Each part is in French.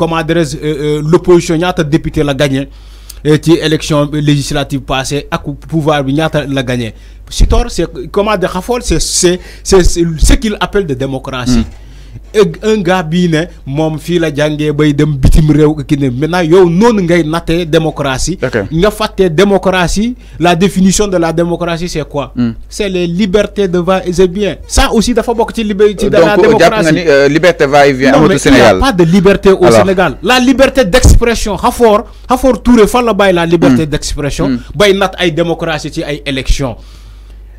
comment euh, euh, l'opposition y l'opposition un député la gagné euh, ci élection législative passée ak pouvoir bi a la gagné c'est comment de c'est c'est ce qu'il appelle de démocratie hmm un gars bii ne moom fii la jangé bay dem bitim rew ki ne maintenant yow non ngay naté démocratie nga faté démocratie la définition de la démocratie c'est quoi hmm. c'est les libertés de va et bien ça aussi dafa bok ci euh, liberté de la démocratie liberté va et vient Sénégal il n'y a pas de liberté au Sénégal la liberté d'expression xafoor xafoor Touré fan la bay la liberté hmm. d'expression hmm. bay nat ay démocratie ci ay élection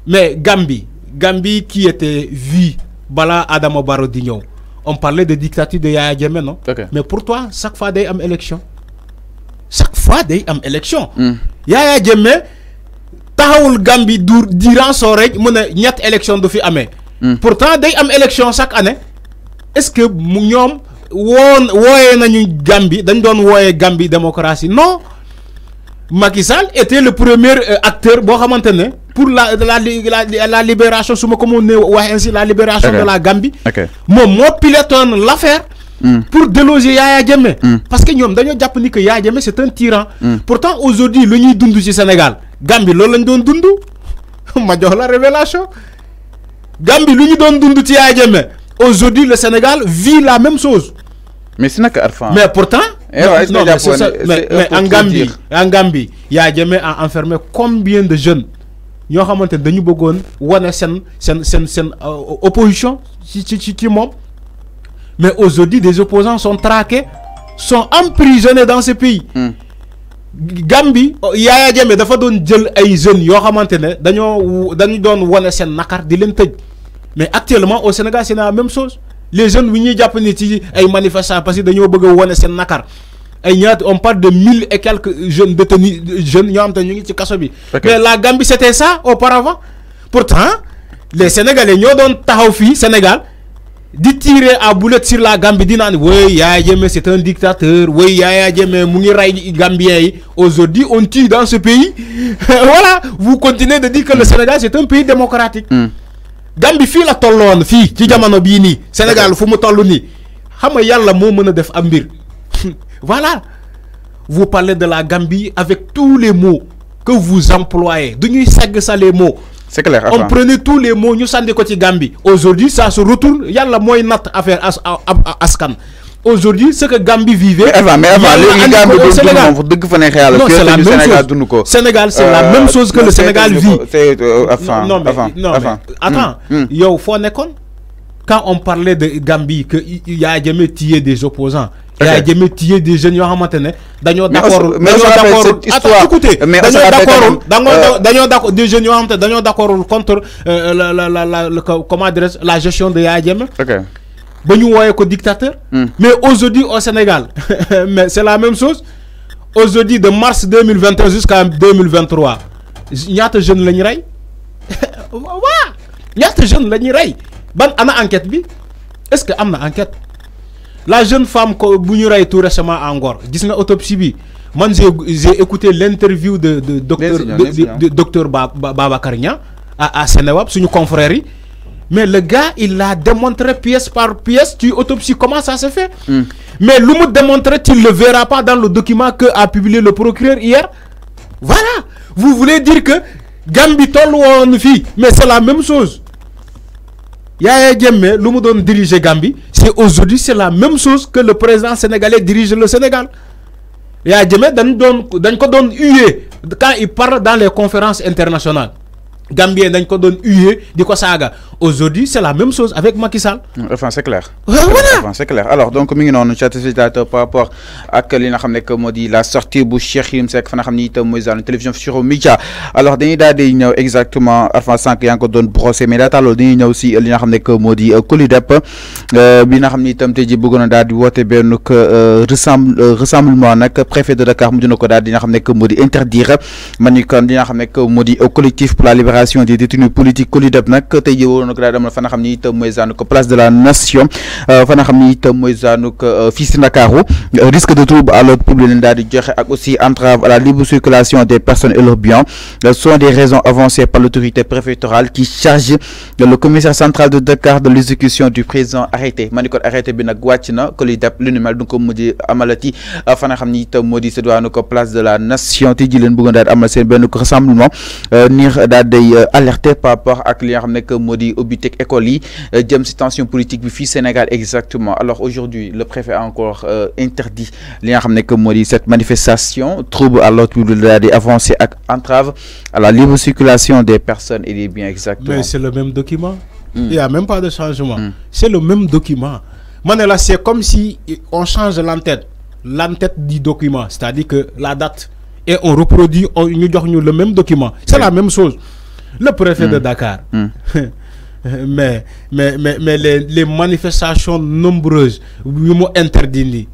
mais Gambie Gambie qui était vie bala Adamo Barrow on parlait de dictature de Yaya Djemé, non Mais pour toi, chaque fois, il y a une élection. Chaque fois, il y a une élection. Mm. Yaya Djemé, Gambi, dur durant son règne y a une élection du hmm. Pourtant, il pourtant a une élection chaque année est-ce que nous avons woon gambi nañu Gambie dañ gambi Gambie démocratie non Macky Sall était le premier euh, acteur boo xamante pour la la la, libération su ma comme la libération de la Gambie. Moi, moo pilote l'affaire l'affaire hmm. pour déloger Yaya Jammeh. Hmm. parce que nous dañoo jàpp ni que Yaya Jammeh c'est un tyran. Hmm. pourtant aujourd'hui le ñuy dund ci Sénégal Gambie loolu lañ doon dund ma la révélation Gambie lu ñu doon dund ci Yaya Jammeh aujourd'hui le Sénégal vit la même chose. mais c'est naka Arfan. mais pourtant. Eh mais en Gambie en Gambie Yaya Jammeh a enfermé combien de jeunes yoo xamante dañu bëggoon wane seen seen seen euh, opposition ci ci ci ci mais aujourd'hui des opposants sont traqués sont emprisonnés dans ce pays. Hmm. Gambie Yaya Jammeh dafa doon jël ay jeunes yoo xamante ne dañoo dañu doon wane seen nakar di leen tëj mais actuellement au Sénégal c'est la même chose les jeunes wi ñuy jàpp ni ci ay manifestants parce que dañoo bëgg a wane seen nakar on parle de mille et quelques jeunes détenus jeunes qui ont été ñu ngi mais la Gambie c'était ça auparavant pourtant les sénégalais ñoo doon taxaw Sénégal dit tirer à boulet sur la Gambie dit non oui Yaya Jammeh un dictateur oui Yaya a mu ngi Gambier aujourd'hui on tue dans ce pays voilà vous continuez de dire que le Sénégal c'est est un pays démocratique. Hmm. Gambie fille la tolloon fille ci jamono Sénégal fu mu toll nii xam nga sais pas si def am voilà. Vous parlez de la Gambie avec tous les mots que vous employez. Nous savons ça les mots. C'est clair. On prenait tous les mots, nous sommes de côté Gambie. Aujourd'hui, ça se retourne. Il y a la moyenne à faire à Scan. Aujourd'hui, ce que Gambie vivait. Mais mais le Sénégal. c'est la même chose. Sénégal, c'est la même chose que le Sénégal vit. Euh, non, mais, avant attends. Mm, mm. Yo, Fonekon, quand on parlait de Gambie, qu'il y a des tué des opposants, Yaya Jammeh téye des jeunes yoo xamante ne dañoo d'accord dañoo d'accord attends écoutez dañoo d'accordul dañoo euh, dañoo d'accord des jeunes yoo xamante ne dañoo d'accordul contre euh, la la la comment dirais la gestion de Yaya Jammeh ba ñu wooyee ko dictateur hmm. mais aujourd'hui au Sénégal mais c'est la même chose aujourd'hui de mars 2021 jusqu'à 2023 ñaata jeunes la ñu rey waa ñaata jeunes la ñuy rey ban ana enquête bi est-ce que am na enquête la jeune femme que est tout récemment encore, dis une autopsie Moi, j'ai écouté l'interview de, de, docteur, Baba Karignan à, à sur une confrérie. Mais le gars, il l'a démontré pièce par pièce. Tu autopsies comment ça se fait. Hmm. Mais l'homme démontré, tu ne le verras pas dans le document que a publié le procureur hier. Voilà. Vous voulez dire que Gambitol ou une fille, mais c'est la même chose. un Djemme, l'homme donne diriger Gambi aujourd'hui c'est la même chose que le président sénégalais dirige le Sénégal et y dañ quand il parle dans les conférences internationales Gambien dañ ko de quoi ça a Aujourd'hui, c'est la même chose avec qui Enfin, c'est clair. Enfin, c'est clair. Alors, donc, nous avons par rapport à la sortie de Cheikh la télévision sur Alors, nous avons exactement, enfin, 5 ans qu'on donne procès, mais nous avons aussi nous avons dit que euh, nous avons euh, euh, rassemblement, préfet de Dakar, nous avons dit interdire, nous avons dit collectif pour la libération des détenus politiques nous avons daanu fa place de la nation fa nga xam ni itam mooy zaanuk fii si risque de trouble à l'ordre public di joxe ak aussi entrave à la libre circulation des personnes et leurs biens euh, sont des raisons avancées par l'autorité préfectorale qui charge le commissaire central de Dakar de l'exécution du présent arrêté maniko arrêté bi nak wàcc na ko li dab lu ni mel ko mudi amalati euh, fa nga xam ni itam moo di ko place de la nation ti ji leen bëggoon daal di amal rassemblement euh, ni daal day alerté par rapport ak li nga xam ne boutique écoli école yi euh, tension politique bi fils Sénégal exactement alors aujourd'hui le préfet a encore euh, interdit li nga xamné que cette manifestation trouble à l'ordre de daal avancé entrave à la libre circulation des personnes et des biens exactement mais c'est le même document hmm. il y a même pas de changement hmm. c'est le même document ma c'est comme si on change l'entête l'entête du document c'est-à-dire que la date et on reproduit on nous le même document c'est la même chose le préfet de hmm. Dakar mais mais mais les les manifestations nombreuses lui mu interdit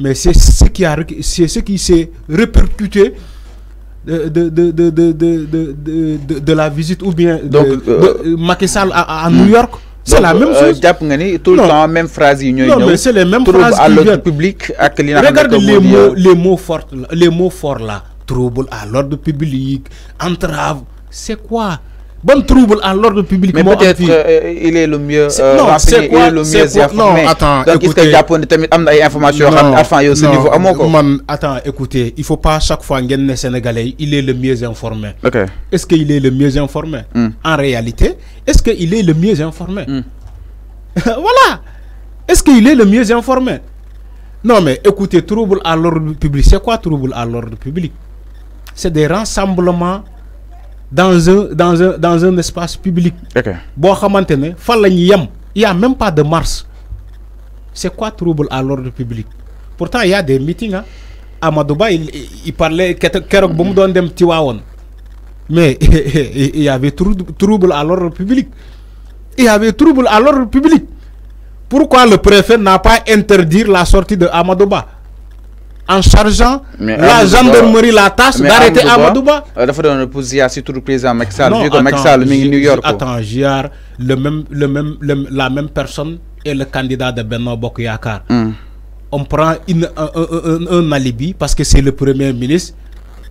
mais c'est ce qui a ce s'est répercuté de de de de de de de de la visite ou bien. donc euh, euh, Macky Sall à à New hmm. York. c'est la même euh, chose jàpp nga ni tout le temps même phrase non mais c'est les mêmes phrases qui à l'ordre public regarde les mots les mots forts les mots forts là trouble à l'ordre public entrave c'est quoi bon trouble à l'ordre public. Mais peut-être euh, euh, il est le mieux euh, non, c'est quoi, Non, attends, écoutez... est niveau Attends, écoutez, il ne faut pas chaque fois que les Sénégalais, il est le mieux informé. Est-ce qu'il est le mieux informé hmm. En réalité, est-ce qu'il est le mieux informé hmm. Voilà Est-ce qu'il est le mieux informé Non, mais écoutez, trouble à l'ordre public, c'est quoi trouble à l'ordre public C'est des rassemblements dans un dans un dans un espace public. il n'y a même pas de mars c'est quoi trouble à l'ordre public pourtant il y a des meetings ah il il parlait dem mais il y avait trouble à l'ordre public il y avait trouble à l'ordre public pourquoi le préfet n'a pas interdire la sortie de amadouba en chargeant la gendarmerie la tâche d'arrêter Amadouba. Il euh, faut poussière surtout président Macky Sall. non attends Macky New York. attends JR le même le même la même personne est le candidat de benoît Bokk hmm. on prend une un alibi parce que c'est le premier ministre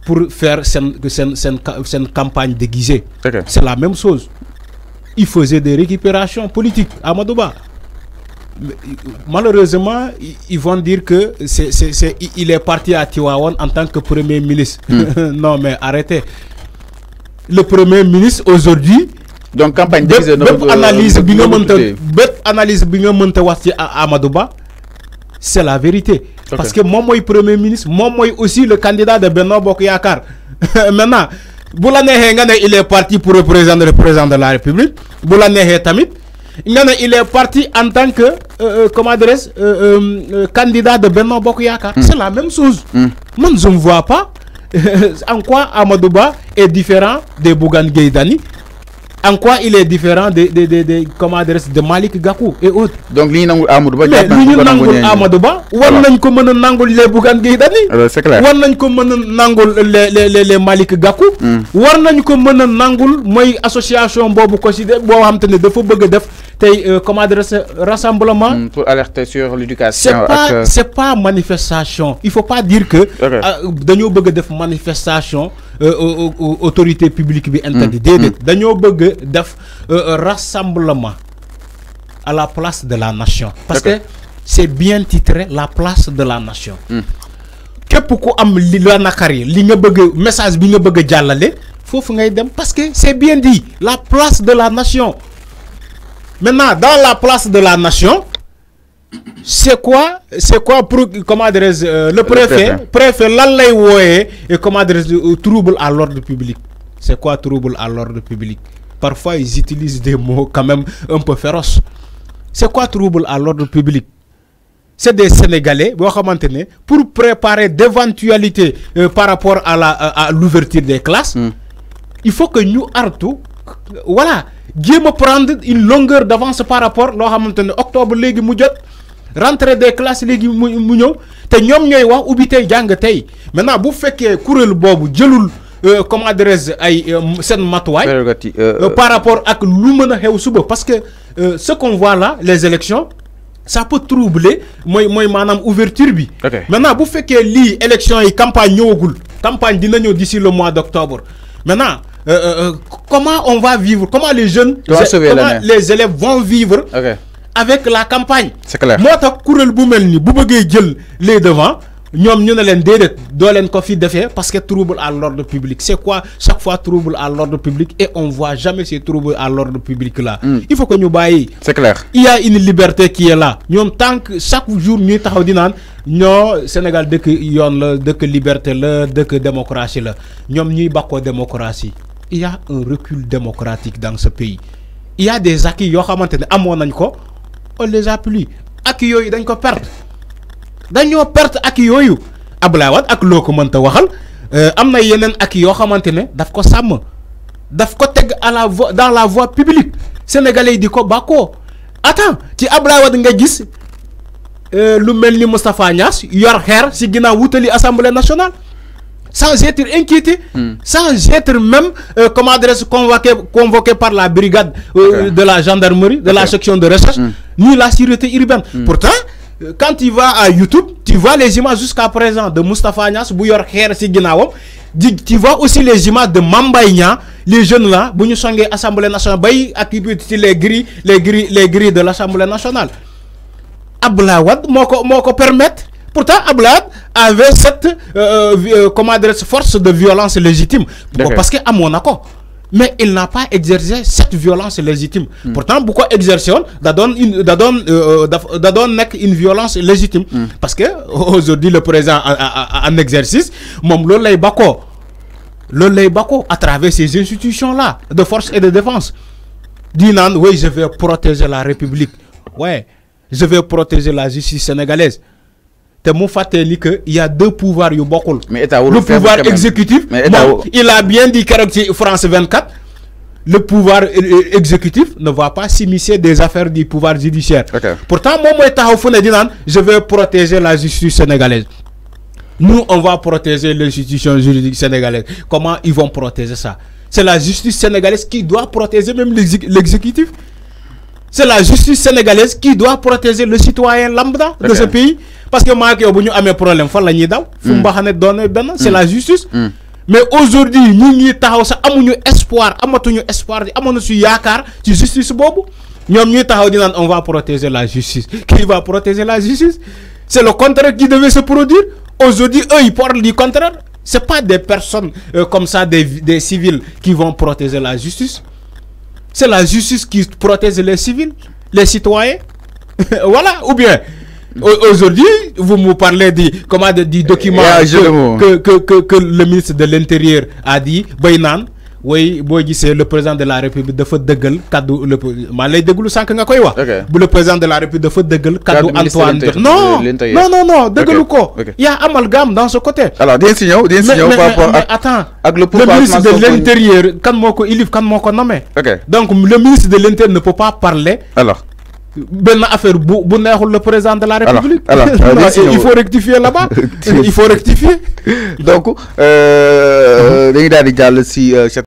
pour faire cette campagne déguisée. c'est la même chose. il faisait des récupérations politiques Amadouba. Euh, malheureusement, ils vont dire que c'est, il est parti à Tiwawan en tant que Premier ministre. Hmm. non, mais arrêtez. Le Premier ministre aujourd'hui... Donc, campagne de... analyse c'est la vérité. parce que moi Premier ministre moi aussi le candidat de benoît Bokk maintenant il est parti pour représenter le président de la République bou tamit. Il, est parti en tant que, euh, euh, euh, candidat de Benno Bokuyaka. Hmm. C'est la même chose. Hmm. Moi, je ne vois pas en quoi Amadouba est différent de Bougan Gaydani en quoi il est différent de, de, de, de, comment de Malik Gakou et autres. Donc, li nangul Amadou Ba, mais li nangul Amadou Ba, wan nañ ko mëna nangul les Bougane Gueye Dani, euh, c'est clair. Wan nañ ko mëna nangul les les les, les Malik Gakou, hmm. war nañ ko mëna nangul moy association bobu ko ci bo xamantene dafa bëgg def tay euh, comment dire rassemblement hmm, pour alerter sur l'éducation c'est pas euh, c'est pas manifestation. Il faut pas dire que dañu bëgg def manifestation euh, autorité publique bi interdit mm. déedéet mm. bëgg def euh, euh, rassemblement à la place de la nation parce que c'est bien titré la place de la nation mm. képp ku am li la nakari li nga bëgg message bi nga bëgg jallalé fofu dem parce que c'est bien dit la place de la nation maintenant dans la place de la nation c'est quoi c'est quoi pour comment euh, le préfet le préfet et comment adresse le euh, trouble à l'ordre public c'est quoi trouble à l'ordre public parfois ils utilisent des mots quand même un peu féroces c'est quoi trouble à l'ordre public c'est des sénégalais pour préparer d'éventualité euh, par rapport à la l'ouverture des classes hmm. il faut que nous Artou, voilà jéem me prendre une longueur d'avance par rapport à octobre léegi mu rentrer des classes légui mu mu ñëw te ñoom wax ubbi tey vous tey maintenant bu féké kuréel bobu jëlul comment euh, comme adresse ay euh, sen matuwaay euh, par rapport ak lu mëna a xew suba parce que ce qu'on voit là les élections ça peut troubler moy moy manam ouverture bi maintenant bu féké li élections yi campagne la campagne d'ici le mois d'octobre maintenant comment on va vivre comment les jeunes les élèves vont vivre avec la campagne. c'est clair Moi, je suis bu mel ni bu bëggee jël les devant, nous ñu nous leen déedéet doo leen ko parce que trouble à l'ordre public c'est quoi chaque fois trouble à l'ordre public et on voit jamais ces troubles à l'ordre public là. Hmm. il faut que nous baillions. c'est clair il y a une liberté qui est là Nous, tant que chaque jour nous taxaw di que ñoo Sénégal dëkk yoon la dëkk liberté la dëkk démocratie la avons ñuy bako démocratie il y a un recul démocratique dans ce pays il y a des acquis Il y a des nañ on les a plus ak yooyu dañ ko perte dañoo perte ak yooyu Abdoulaye Wade ak loo mën à waxal euh amna yenen ak yo xamantene daf ko sam daf ko teg à la voie dans la voie publique sénégalais du di ko bàkkoo attends ci Abdoulaye Wade nga gis euh, lu melni ni Niass yor xeer ci wutali assemblée nationale sans être inquiété, hmm. sans être même, euh, comme adresse convoqué, convoqué par la brigade euh, de la gendarmerie, de la section de recherche, hmm. ni la sécurité urbaine. Hmm. Pourtant, euh, quand tu vas à YouTube, tu vois les images jusqu'à présent de Mustafa Nias, Bouyor Kher tu vois aussi les images de Mambaïna, les jeunes là, sont Sangé, Assemblée nationale, Bayi, les gris les gris les gris de l'Assemblée nationale. Ablawad, Moko, Moko permettre Pourtant, Ablad avait euh, euh, euh, cette force de violence légitime. Pourquoi Parce qu'à mon accord. Mais il n'a pas exercé cette violence légitime. Hmm. Pourtant, pourquoi exercer donne une, une violence légitime. Hmm. Parce que aujourd'hui, le président en, exercice, mon bako, le bako à travers ces institutions-là de force et de défense, dit non, oui, je vais protéger la République. Ouais, je vais protéger la justice sénégalaise il y a deux pouvoirs le pouvoir exécutif. il a bien dit France 24. le pouvoir euh, euh, exécutif ne va pas s'immiscer des affaires du pouvoir judiciaire. pourtant moi je vais protéger la justice sénégalaise. nous on va protéger l'institution juridique sénégalaise comment ils vont protéger ça c'est la justice sénégalaise qui doit protéger même l'exécutif. c'est la justice sénégalaise qui doit protéger le citoyen lambda de ce pays parce que maa yow bu ñu problème fan la daw. fu mm. mbaxane doone ben c'est mm. la justice. Mm. mais aujourd'hui ñi ngi taxaw sa amuñu espoir amatuñu espoir di amono su yaakaar ci justice bobu ñom ñi taxaw di nan on va protéger la justice qui va protéger la justice c'est le contraire qui devait se produire aujourd'hui eux ils parlent du contraire c'est pas des personnes euh, comme ça des des civils qui vont protéger la justice c'est la justice qui protège les civils les citoyens voilà ou bien Aujourd'hui, vous me parlez du, comment, document que, que, le ministre de l'Intérieur a dit, Boynan. c'est le président de la République de le, le président de la République de Antoine. Non, non, non, non, Il y a amalgame dans ce côté. Alors, dis pas. par rapport attends, le ministre de l'Intérieur, quand il quand nommé. Donc, le ministre de l'Intérieur ne peut pas parler. Alors ben affaire bu bu le président de la république alors il faut rectifier là-bas il faut rectifier donc euh, mhm. dañuy daal di jàll si euh,